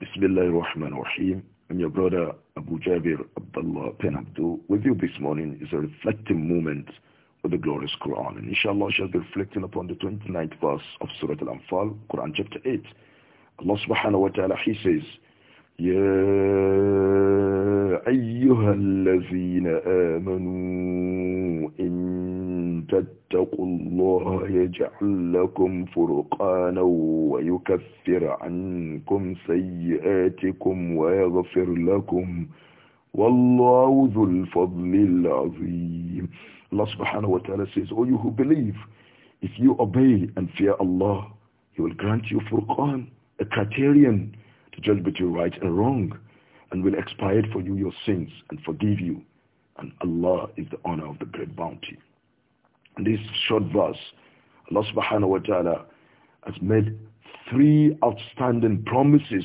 Bismillah ar-Rahman ar-Rahim. i your brother Abu Jabir Abdullah bin Abdul. With you this morning is a reflecting moment of the glorious Quran. And inshallah, I shall be reflecting upon the 29th verse of Surah Al-Anfal, Quran chapter 8. Allah subhanahu wa ta'ala, he says, Ya أيها الذين آمنوا إن تتقوا الله يجعل لكم فرقانا ويكفر عنكم سيئاتكم ويغفر لكم والله ذو الفضل العظيم Allah subhanahu wa ta'ala says, O you who believe, if you obey and fear Allah, He will grant you furqan, a criterion to judge between right and wrong, and will expiate for you your sins and forgive you. And Allah is the honor of the great bounty this short verse, Allah subhanahu wa ta'ala has made three outstanding promises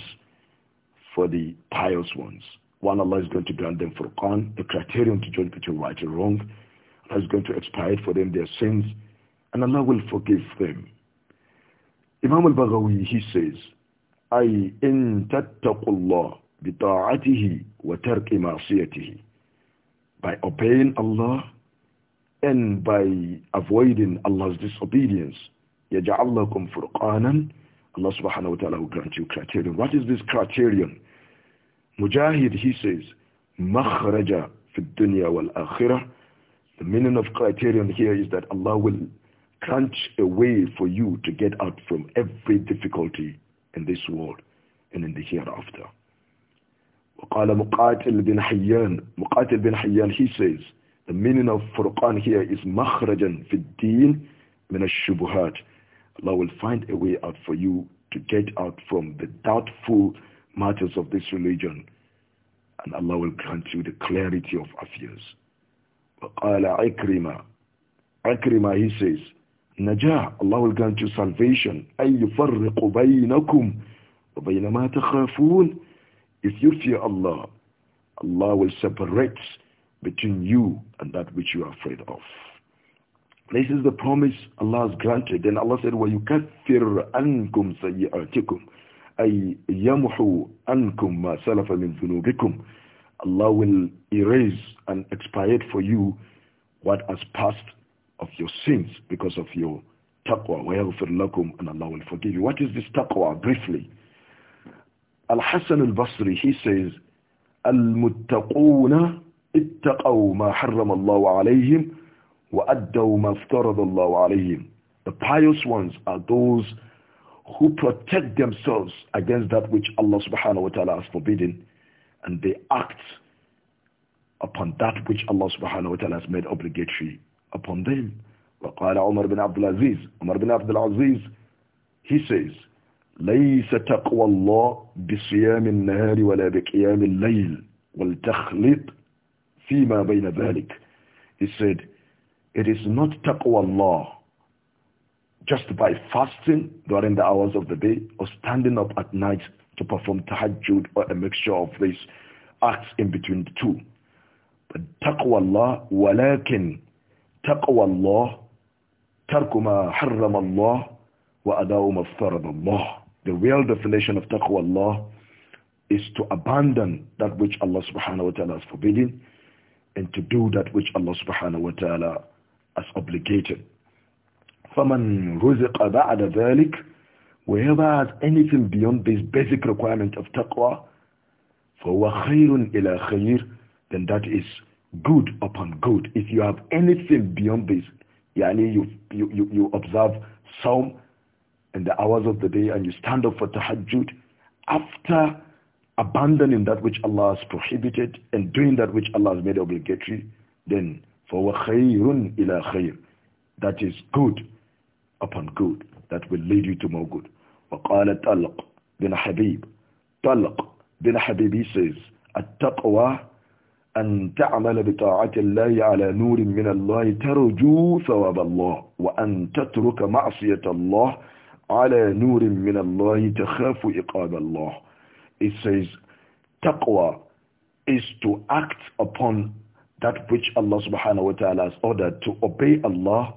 for the pious ones. One, Allah is going to grant them Quran, the criterion to judge between right and wrong. Allah is going to expiate for them their sins, and Allah will forgive them. Imam al-Baghawi, he says, أي إن تتقوا الله بطاعته وترك معصيته by obeying Allah and by avoiding Allah's disobedience. ya لَكُمْ Allah subhanahu wa ta'ala will grant you criterion. What is this criterion? Mujahid, he says, مَخْرَجَ فِي الدُّنْيَا وَالْآخِرَةِ The meaning of criterion here is that Allah will grant a way for you to get out from every difficulty in this world and in the hereafter. وقال مقاتل بن حيان مقاتل بن حيان he says the meaning of Furqan here is makhrajan fid din min ash-shubuhat. Allah will find a way out for you to get out from the doubtful matters of this religion. And Allah will grant you the clarity of affairs. وقال عكرمة عكرمة he says naja. Allah will grant you salvation أن يفرق بينكم وبين ما if you fear Allah Allah will separate between you and that which you are afraid of. This is the promise Allah has granted. Then Allah said, وَيُكَفِّرْ أَنْكُمْ سَيِّئَاتِكُمْ أي يمحو أنكم ما سلف من ذنوبكم Allah will erase and expiate for you what has passed of your sins because of your taqwa ويغفر لكم and Allah will forgive you what is this taqwa briefly Al-Hasan al-Basri he says المتقون اتقوا ما حرم الله عليهم وأدوا ما افترض الله عليهم The pious ones are those who protect themselves against that which Allah subhanahu wa ta'ala has forbidden and they act upon that which Allah subhanahu wa ta'ala has made obligatory upon them. وقال عمر بن عبد العزيز عمر بن عبد العزيز he says ليس تقوى الله بصيام النهار ولا بقيام الليل والتخلط فيما bayna ذلك. He said, it is not taqwa Allah just by fasting during the hours of the day or standing up at night to perform tahajjud or a mixture of these acts in between the two. But taqwa Allah, walakin taqwa Allah, tarku ma Allah, wa adawu ma Allah. The real definition of taqwa Allah is to abandon that which Allah subhanahu wa ta'ala has forbidden and to do that which Allah subhanahu wa ta'ala has obligated. فَمَنْ رُزِقَ بَعْدَ ذَلِكَ Whoever has anything beyond this basic requirement of taqwa, فَهُوَ خَيْرٌ إِلَى خَيْرٍ Then that is good upon good. If you have anything beyond this, yani you, you, you, observe some in the hours of the day and you stand up for tahajjud, after abandoning that which Allah has prohibited and doing that which Allah has made obligatory, then for khayrun ila khayr, that is good upon good, that will lead you to more good. وقال طلق بن حبيب طلق بن حبيب says التقوى أن تعمل بطاعة الله على نور من الله ترجو ثواب الله وأن تترك معصية الله على نور من الله تخاف إقاب الله it says, taqwa is to act upon that which Allah subhanahu wa ta'ala has ordered, to obey Allah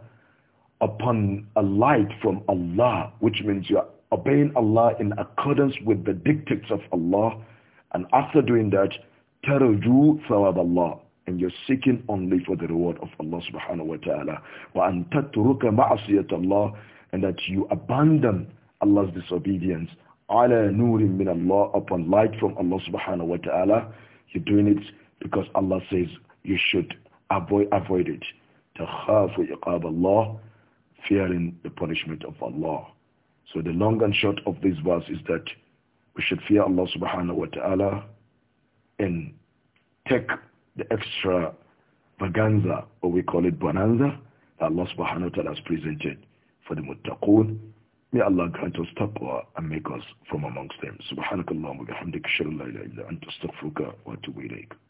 upon a light from Allah, which means you are obeying Allah in accordance with the dictates of Allah. And after doing that, تَرْجُو thawab Allah. And you're seeking only for the reward of Allah subhanahu wa ta'ala. وَأَن تَتْرُكَ مَعَصِيَةَ اللَّهِ And that you abandon Allah's disobedience ala nurin min Allah upon light from Allah subhanahu wa ta'ala. You're doing it because Allah says you should avoid, avoid it. تَخَافُ يَقَابَ Allah, fearing the punishment of Allah. So the long and short of this verse is that we should fear Allah subhanahu wa ta'ala and take the extra vaganza, or we call it bonanza, that Allah subhanahu wa ta'ala has presented for the muttaqoon May Allah grant us taqwa and make us from amongst them. Subhanakallah wa bihamdik. Shalla ila illa anta astaghfiruka wa atubu ilayk.